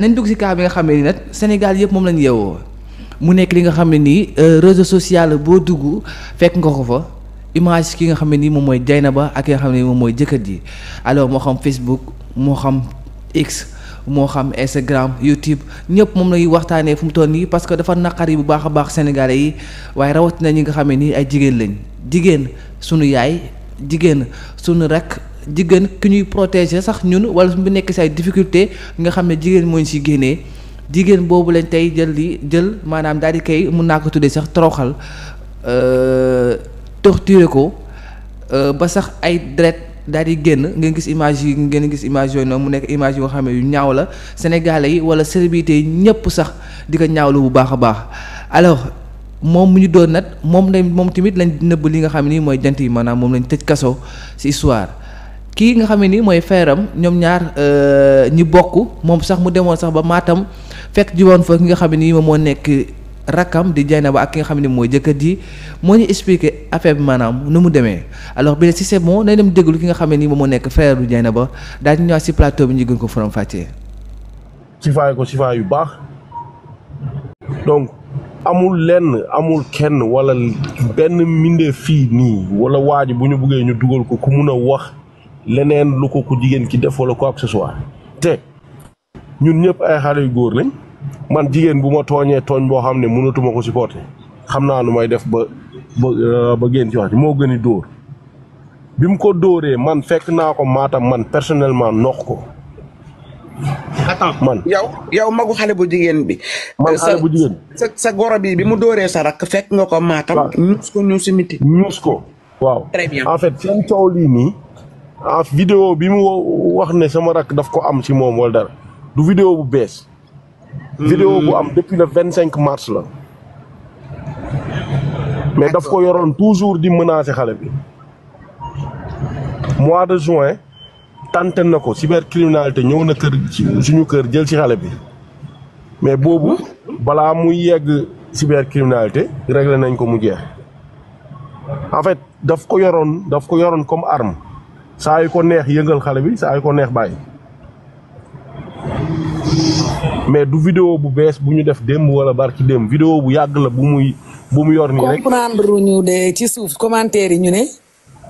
nañ dugg ci cas bi nga xam ne nii nag Sénégal yëpp moom lañu yeewoo mu nekk li nga xam ne nii euh, réseau social boo dugg fekk nga ko fa image ki nga xam ne nii moom mooy Dieynaba ak ki nga xam ne nii moom mooy jëkkër ji alors moo xam Facebook moo xam X moo xam Instagram YouTube ñëpp moom lay waxtaanee fu mu toll nii parce que dafa naqar yi bu baax a baax sénégalais yi waaye rawatina ñi nga xam ne nii ay jigéen lañ jigéen sunu yaay. jigéen suñu rek jigéen ki ñuy protéger sax ñun wala bu nekk si ay difficulté nga xam ne jigéen moo ñu si génnee jigéen boobu lañ tey jël li jël maanaam daal di koy mun naa ko tuddee sax toroxal euh, torturer ko euh, ba sax ay deret daal di génn nga gis image yi ngeen gis image yooyu noonu mu nekk image yoo xam ne yu ñaaw la sénégalais yi wala célébrité yi ñëpp sax di ko ñaawlu bu baax a baax alors. moom mu ñu doon nat moom lañ moom tamit lañ nëbb li nga xam ni mooy jant yi maanaam moom lañ tëj kaso ci histoire kii nga xam ne ni mooy feeram ñoom ñaar euh, ñi bokk moom sax mu demoon sax ba maatam fekk ji woon fa ki nga xam ne nii moom moo nekk rakkam di ba ak ki nga xam ne mooy jëkkër ji moo ñu expliqué affaire maanaam nu mu demee alors bi si c'est bon nañ dem déglu ki nga xam ne nii moom moo nekk frère bu ba daal di ñëwaat si plateau bi ñu gën ko faram fàccee. ci faay ko ci yu baax donc. amul lenn amul kenn wala benn mbindeef fii nii wala waa ji bu ñu buggee ñu dugal ko ku mën a wax leneen lu ko ku jigéen ki def wala ko accessoire te ñun ñëpp ay xale yu góor lañ man jigéen bu ma tooñee tooñ boo xam ne mënatuma ko supporter xam naa nu may def ba ba euh, ba génn ci wax moo gën dóor bi mu ko dóoree man fekk naa ko maatam man personnellement noq ko man yow yow magu xale bu jigéen bi. man xale bu jigéen bi sa sa goro bi bi mu dóoree sa rakk fekk nga ko maatam. ñuus ko ñu ñuus ko waaw. très en fait seen coow lii nii. ah vidéo bi mu wax ne sama rakk daf ko am si moom wala dara du vidéo bu bees. Hmm. vidéo bu am depuis le cinq mars la. mais daf ko yoroon toujours di menacer xale bi. mois de juin. tànte na ko cybercriminalité ñëw na kër ci suñu kër jël ci xale bi mais boobu balaa muy yegg cybercriminalité réglé nañ ko mu jeex en fait daf ko yoroon daf ko yoroon comme arm saa yu ko neex yëngal xale bi saa yu ko neex bàyyi mais du vidéo bu bees bu ñu def démb wala barki démb vidéo bu yàgg la bu muy bu mu yor nii rek comprendre ñu de ci suuf commentaire yi ñu ne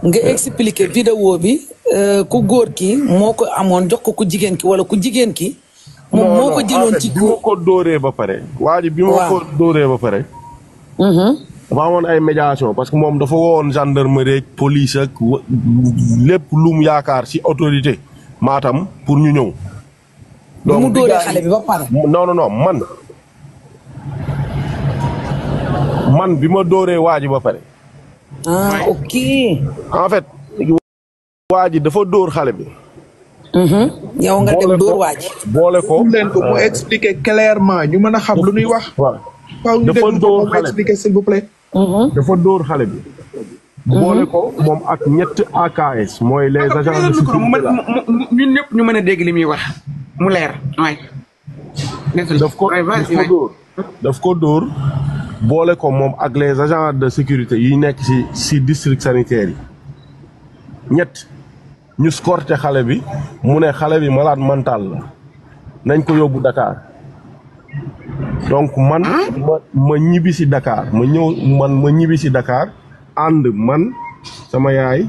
nga expliquer vidéo bi euh, ku góor ki moo ko amoon jox ko ku jigéen ki wala ku jigéen ki. moom moo ko jëloon ci bi ma ko dóoree ba pare. waa bi ma ko dóoree ba pare. Mm-hmm. dafa amoon ay médiation parce que moom dafa woowoon gendarmerie ak police ak lépp lu yaakaar si autorité maatam pour ñu ñëw. donc mu dóoree xale bi man man bi ma dóoree waa ba pare. ah ok. en fait. waa ji dafa dóor xale bi. Mm-hmm. yow nga dem dóor waa boole ko leen ko mu euh, expliquer clairement ñu mën a xam lu ñuy wax. waaw dafa dóor xale expliquer s'il mm-hmm. dafa dóor xale bi. Mm-hmm. boole ko moom ak ñett AKS mooy les agents de sécurité ñun ñëpp ñu mën a dégg li muy wax mu leer waay. daf ko dóor. daf ko dóor boole ko moom ak les agents de sécurité yi nekk ci ci district sanitaire yi ñett ñu scorté xale bi mu ne xale bi malade mental la nañ ko yóbbu Dakar donc man ma ma ñibbi ci Dakar ma ñëw man ma ñibbi ci Dakar ànd man sama yaay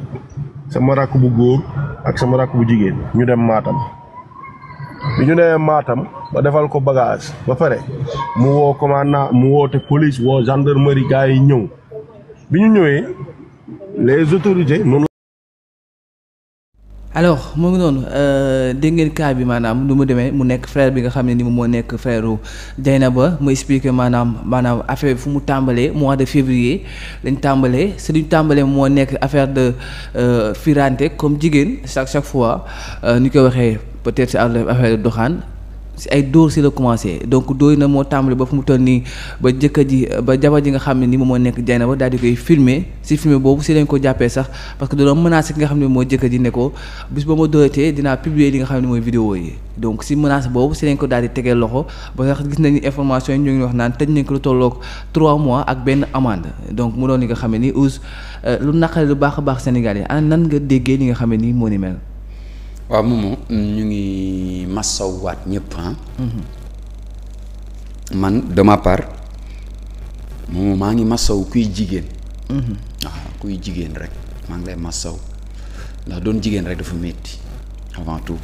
sama rakk bu góor ak sama rakk bu jigéen ñu dem maatam bi ñu nee Matam ba defal ko bagage ba pare mu woo commandant mu woote police woo gendarmerie gars yi ñëw bi ñu ñëwee les autorités noonu. alors mu ngi noonu euh, dégg ngeen cas bi maanaam nu mu demee mu nekk frère bi nga xam ne ni moom moo nekk frère ba mu expliqué maanaam maanaam affaire fu mu tàmbalee mois de février lañ tàmbalee si duñ tàmbalee moo nekk affaire de euh, firante comme jigéen chaque chaque fois euh, ni ko waxee peut-être si affaire de doxaan. si ay dóor si la commencé donc dóor na moo tàmbali ba fu mu toll nii ba jëkkër ji ba jabar ji nga xam ne ni moom moo nekk jay na ba daal di koy filmer si filmer boobu si lañ ko jàppee sax parce que da doon menacé ki nga xam ne moo jëkkër ji ne ko bis ba ma dóoratee dinaa publier li nga xam ne mooy vidéo yi donc si menace boobu si ko daal di tegee loxo ba sax gis nañu information yi wax naan te nañ ko lu tolloog 3 mois ak benn amende donc mu doon li nga xam ne ni ous euh, lu naqare lu baax a baax Sénégal yi ana nan nga déggee li nga xam ne ni moo ni mel waaw moomu ñu ngi massawwaat waat ah. Mhm. man de ma moomu maa ngi massaw kuy jigéen. waaw mhm. ah, kuy jigéen rek maa ngi lay massaw ndax doon jigéen rek dafa metti avant tout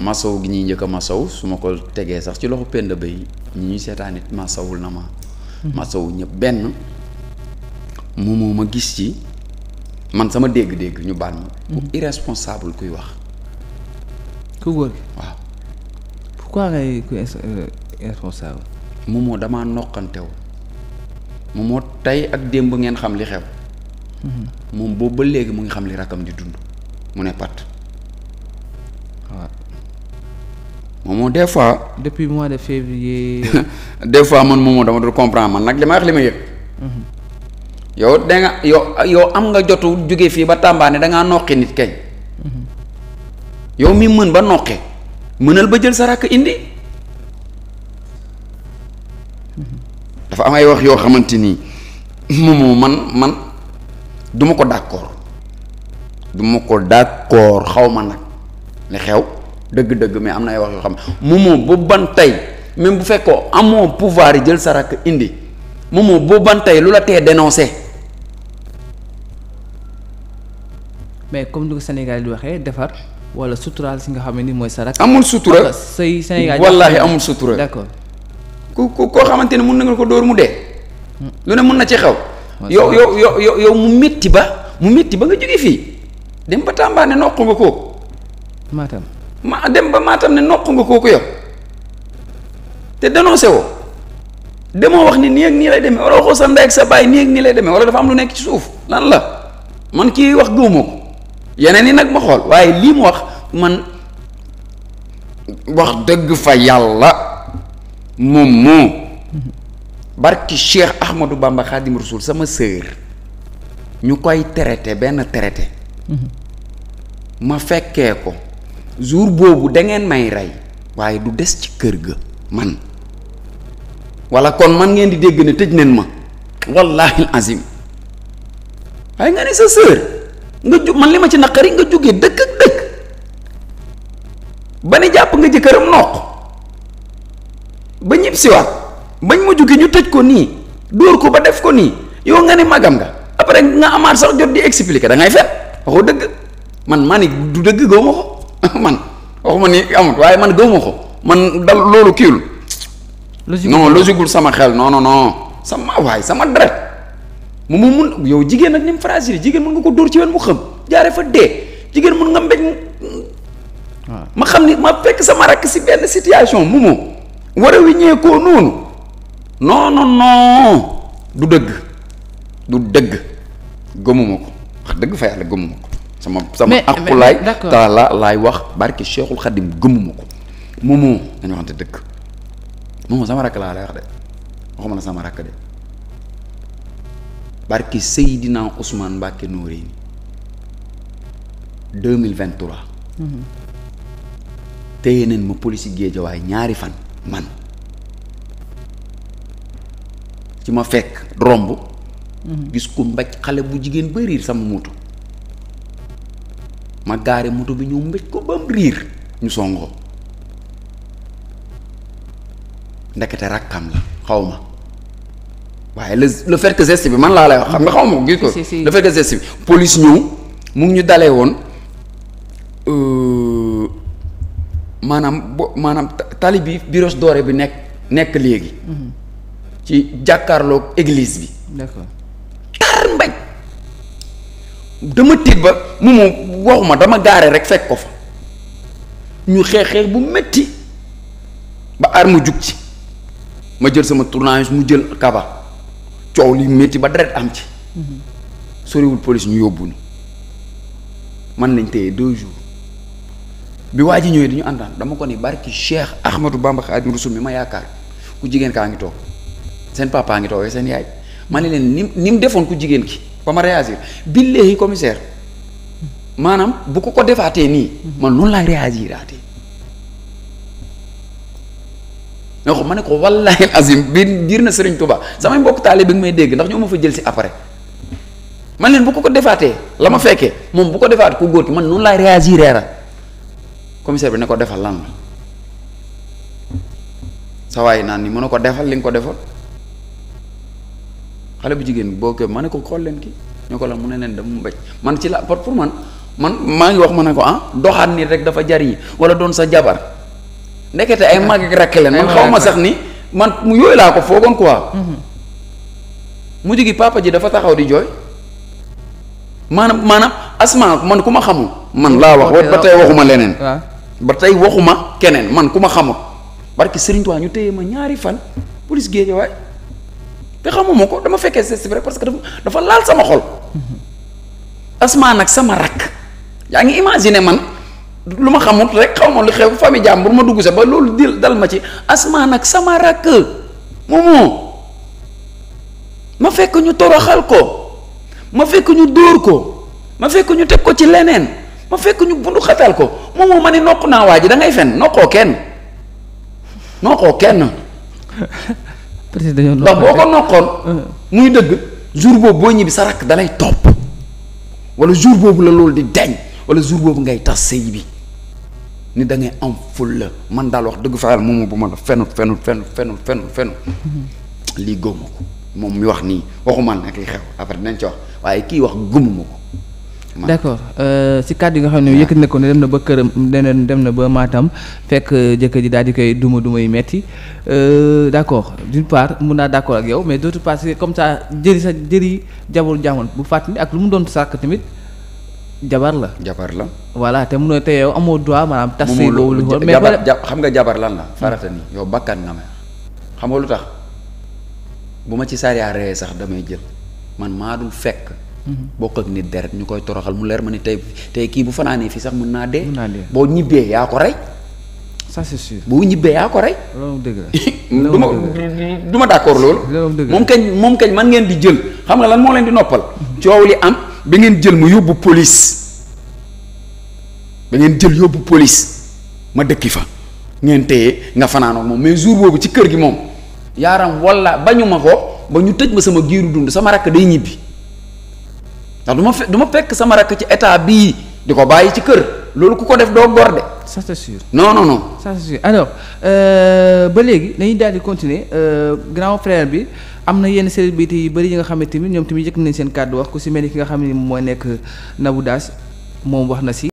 massaw gi ñuy njëkk a massaw su ma ko tegee sax ci loxo pend bay ñu ñuy seetaan it massawul na ma. Mhm. massawu ñëpp benn moomu ma gis ci. man sama dégg-dégg ñu baal ma. bu irresponsable kuy wax. ku góor gi waaw. pourquoi ngay ku euh, responsable. moom moo damaa noqantewu moom moo tey ak démb ngeen xam li xew. Mm-hmm. moom boobu ba léegi mu ngi xam li rakkam di dund mu ne pat. waaw. moomoo des fois. depuis mois de février. des fois man moomoo dama dul comprendre man nag li ma wax li ma yëg. Mm-hmm. yow da nga yow yow am nga jotu jóge fii ba Tamba ne da ngaa noqi nit kañ. yow mi mën ba noqe mënal ba jël sa rakk indi dafa am ay wax yoo xamante nii moomu man man duma ma ko d'accord du ma ko d'accord xaw ma nag li xew dëgg-dëgg mais am na ay wax yoo xam moomu bu ban tey même bu fekkoo amoo pouvoir yi jël sa rakk indi moomu bu ban tey lu la tee dénoncé. mais comme ni ko Sénégal di waxee defar. wala suturaal si nga xam ni mooy sa rakk. amul sutura say Sénégal wallaahi amul sutura. d'accord ku ku koo xamante ne mun na nga ko dóor mu dee. lu ne mun na ci xew. yow yow yow yow mu métti ba mu métti ba nga jóge fii dem ba Tamba ne noq nga kooku. Matam ma dem ba Matam ne noq nga kooku yow te dénoncé woo. demoo wax ni nii ak nii lay demee wala waxoo sa ndey ak sa baay nii ak nii lay demee wala dafa am lu nekk ci suuf lan la man kii wax gëwuma yeneen yi nag ma xool waaye lii mu wax man wax dëgg fa yàlla moom moo barki Cheikh Ahmadou Bamba Khadim Rasoul sama sœur ñu koy traité benn traité ma fekkee ko jour boobu da ngeen may rey waaye du des ci kër ga man wala kon man ngeen di dégg ne tëj neen ma wallaahi azim waaye nga ne sa sœur nga ju man li ma ci naqari nga jógee dëkk dëkk ba ni jàpp nga jëkkëram noq ba ñib siwaat bañ ma jóge ñu tëj ko nii dóor ko ba def ko nii yow nga ne magam nga après nga amaat sax jot di expliquer da ngay fen waxoo dëgg man maa ni du dëgg gëw ko man waxuma ni amut waaye man gëw ko man dal loolu kiiwul non logique sama xel non non sama waay sama deret mu mu mun yow jigéen nag ni mu fragile jigéen mën nga ko dóor ci wen mu xam jaare fa dee jigéen mën nga mbéj ah. ma xam ni ma fekk sama rakk si benn situation mu mu war a wiññeekoo noonu non non dëgg du dëgg gëmuma ko wax dëgg fa yàlla sama laay wax barke Cheikhul Khadim gëmuma sama rakk laa lay wax de waxuma la sama rakk de barki Seydina Ousmane Mbacke Noreyni 2023. Mhm. téye nañ ma polisi Géejawaay ñaari fan man ci ma fekk romb. Mhm. gis ko mbaj xale bu jigéen ba riir sama moto. ma gaare moto bi ñu mbéj ko bam riir ñu songoo ndekete rakkam la xaw ma waaye le le fait que bi man laa lay wax xam nga xaw ma ko gis ko le fait que geste bi police ñëw mu ngi ñu dalee woon euh, maanaam bo maanaam tali bi biros doore bi nekk nekk léegi mhm. ci jàkkaarloog église bi d'accord tar mbañ dama tiit ba mu mu waxuma dama gaare rek fekk ko fa ñu xeex xeex bu metti ba armu jug ci ma jël sama tournage mu jël kaba coow li métti ba deret am ci soriwul police ñu yóbbu ñu man nañ téye deux jours bi waa ji ñëwee dañu àndaan dama ko ni barki Cheikh Ahmadou Bamba Xaadimu Rasuul mi ma yaakaar ku jigéen kaa ngi toog seen papa ngi toog seen yaay ma ne leen ni mu defoon ku jigéen ki ba ma réagir billahi commissaire maanaam bu ko ko defaatee nii man noonu laay réagiraatee nga ma ne ko wallahi azim biir biir na Serigne Touba samay mbokk taale bi nga may dégg ndax ñoo ma fa jël si après man leen bu ko ko defaatee la ma fekkee moom bu ko defaat ku góor ki man noonu laay réagir reera commissaire bi ne ko defal lan la sa ni mën na ko defal li nga ko defal xale bu jigéen boo ko ma ne ko xool leen ki ñoo ko la mu ne leen dama mbéj man ci la pour man man maa ngi wax ma ne ko ah doxaat nii rek dafa jar yi wala doon sa jabar ndekete ay mag ak rakk leen man xaw ma sax ni man mu yooyu laa ko foogoon quoi. Mhm. mujj gi papa ji dafa taxaw di jooy. maanaam maanaam asma man ku ma xamul. man laa wax ba tey waxuma leneen. ba tey waxuma keneen man ku ma xamul. barki Serigne Touba ñu téye ma ñaari fan. police géej waay te xamuma ko dama fekkee c'est vrai parce que dafa dafa laal sama xol. Mhm. asma nag sama rakk yaa ngi imaginer man. lu ma xamut rek xaw ma lu xew famille jàmbur ma dugg sa ba loolu dil dal ma ci asmaa nag sama rakk moomu ma fekk ñu toroxal ko ma fekk ñu dóor ko ma fekk ñu teg ko ci leneen ma fekk ñu bundu ko moomu ma ne nokk naa waa ji da ngay fen nokkoo kenn nokkoo kenn peut-être dañoo ndax boo ko nokkoon mm. muy dëgg jour boobu boo ñibbi sa rakk dalay topp wala jour boobu la loolu di dañ wala jour boobu ngay tas sëy bi ni da ngay am ful la man daal wax dëgg fa yàlla moom bu ma la fenul fenul fenul fenul fenul fenul lii gëmuma ko moom mi wax nii waxuma nag li xew après dinañ ci wax waaye kii wax gëmuma ko d' accord euh, si kàddu yi nga xam ne yëkkati na ko ne dem na ba këram deneen dem na ba maatam fekk euh, jëkkër ji daal di koy duma duma yu metti euh, d' accord d'une part mun naa d' accord ak yow mais d' autre part comme ça jëri sa jëri jabul jàmmoon bu fàttali ak lu mu doon sàkk tamit jabar la jabar la voilà te mun na te amoo droit maanaam tas sëy boobu mais xam nga jabar lan la farata ni yow xam nga lu tax bu ma ci sariya sax damay jël man maa fekk mhm. bokk ak ñu koy toroxal mu leer ma ni tey tey kii bu fanaanee fii sax mën naa dee boo ñibbee yaa ko rey ça c'est sûr bu ñibbee yaa ko rey loolu man ngeen di jël xam nga lan moo leen di noppal mhm. coow li am ba ngeen jël mu yóbbu police ba ngeen jël yóbbu police ma dëkki fa ngeen téye nga fanaanook moom mais jour boobu ci kër gi moom yaaram walla bañu ma ko ba ñu tëj ma sama giiru dund sama rakk day ñibbi ndax du ma du ma fekk sama rakk ci état bii di ko bàyyi ci kër loolu ku ko def doo góor de. ça c'est sûr non non euh, ba léegi dañuy daal di continuer euh, grand frère bi. am na yenn célébrité yu bëri yi nga xam ne tamit ñoom tamit yëkk nañ seen kàddu wax ku si mel ni ki nga xam ne mooy nekk Nabou Dash moom wax na si